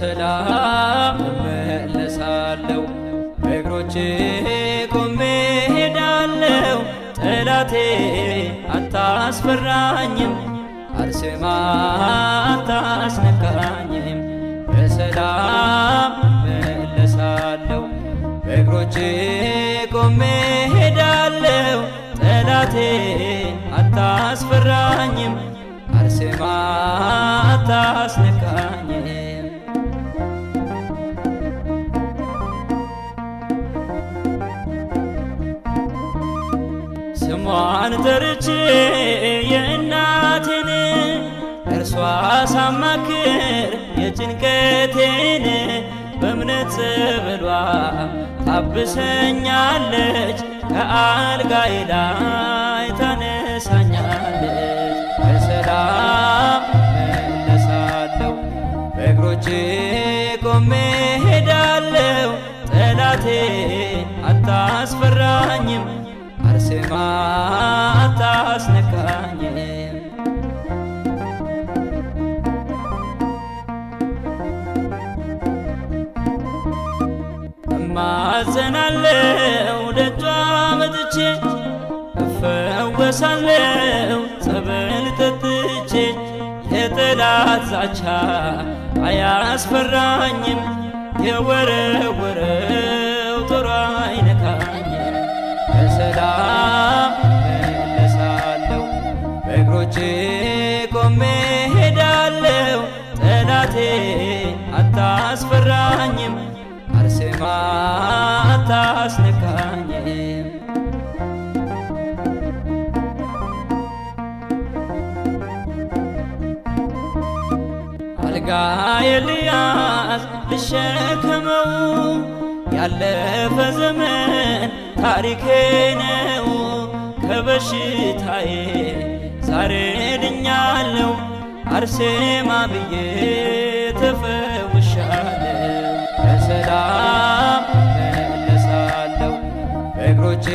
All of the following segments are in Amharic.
በሰላም እመለሳለሁ። በእግሮቼ ቆሜ ሄዳለሁ። ጠላቴ አታስፈራኝም፣ አርሴማ አታስነካኝም። በሰላም እመለሳለሁ። በእግሮቼ ቆሜ ሄዳለሁ። ጠላቴ አታስፈራኝም፣ አርሴማ አታስነ ስሟን ጠርቼ የእናቴን እርሷ ሳማክር የጭንቀቴን በእምነት ጸበሏ ታብሰኛለች ከአልጋዬ ላይ ታነሳኛለች። በሰላም መነሳለሁ፣ በእግሮቼ ቆሜ ሄዳለሁ። ጠላቴ አታስፈራኝም አርሴማ እማጸናለው ደጇ መጥቼ እፈወሳለው ጸበል ጠጥቼ የጠላት ዛቻ አያስፈራኝም የወረወረው ጦር አይነካኝም በሰላም መለሳለሁ በእግሮቼ ቆሜ ሄዳለው ጠላቴ አታስፈራኝም አታስነካኝ አልጋ የልያዝ ልሸከመው ያለፈ ዘመን ታሪኬ ነው ከበሽታዬ ዛሬ ድኛለው አርሴማ ብዬ ተፈ ሰላም መለሳለሁ። በእግሮቼ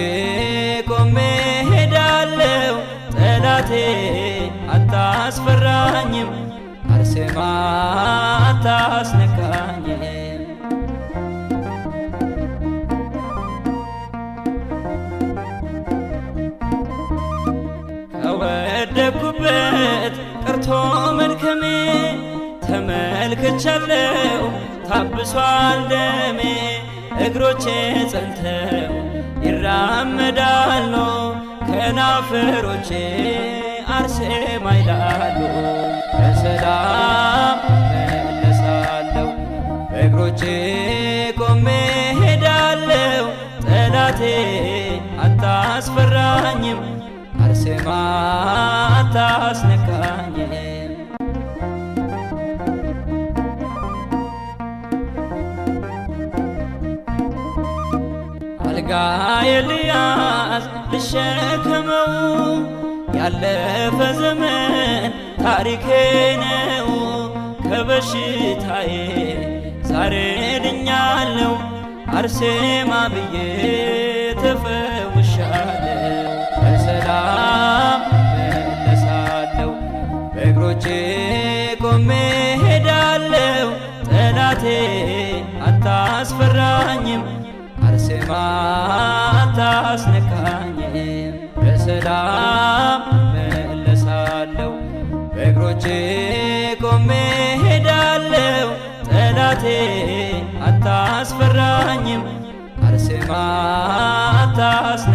ቆሜ ሄዳለሁ። ጠላቴ አታስፈራኝም፣ አርሴማ አታስነካኝም። ከወደኩበት ቀርቶ መድከሜ ተመልክቻለሁ ፈርሷል ደሜ እግሮቼ ጸንተው ይራመዳሉ ከናፈሮቼ አርሴማ ይላሉ። በሰላም መለሳለሁ ቆሜ ሄዳለሁ። ጠላቴ አታስፈራኝም አርሴማ አታስነ ጸጋ ኤልያስ ልሸከመው ያለፈ ዘመን ታሪኬ ነው። ከበሽታዬ ዛሬ ድኛለው አርሴማ ብዬ ተፈውሻለው። በሰላም መለሳለው በእግሮቼ ቆሜ ሄዳለው ጠላቴ አታስፈራኝም አርሴማ ታስነካኝ በሰላም መለሳለሁ በእግሮቼ ቆሜ ሄዳለሁ ጠላቴ አታስፈራኝም አርሴማ ታስነ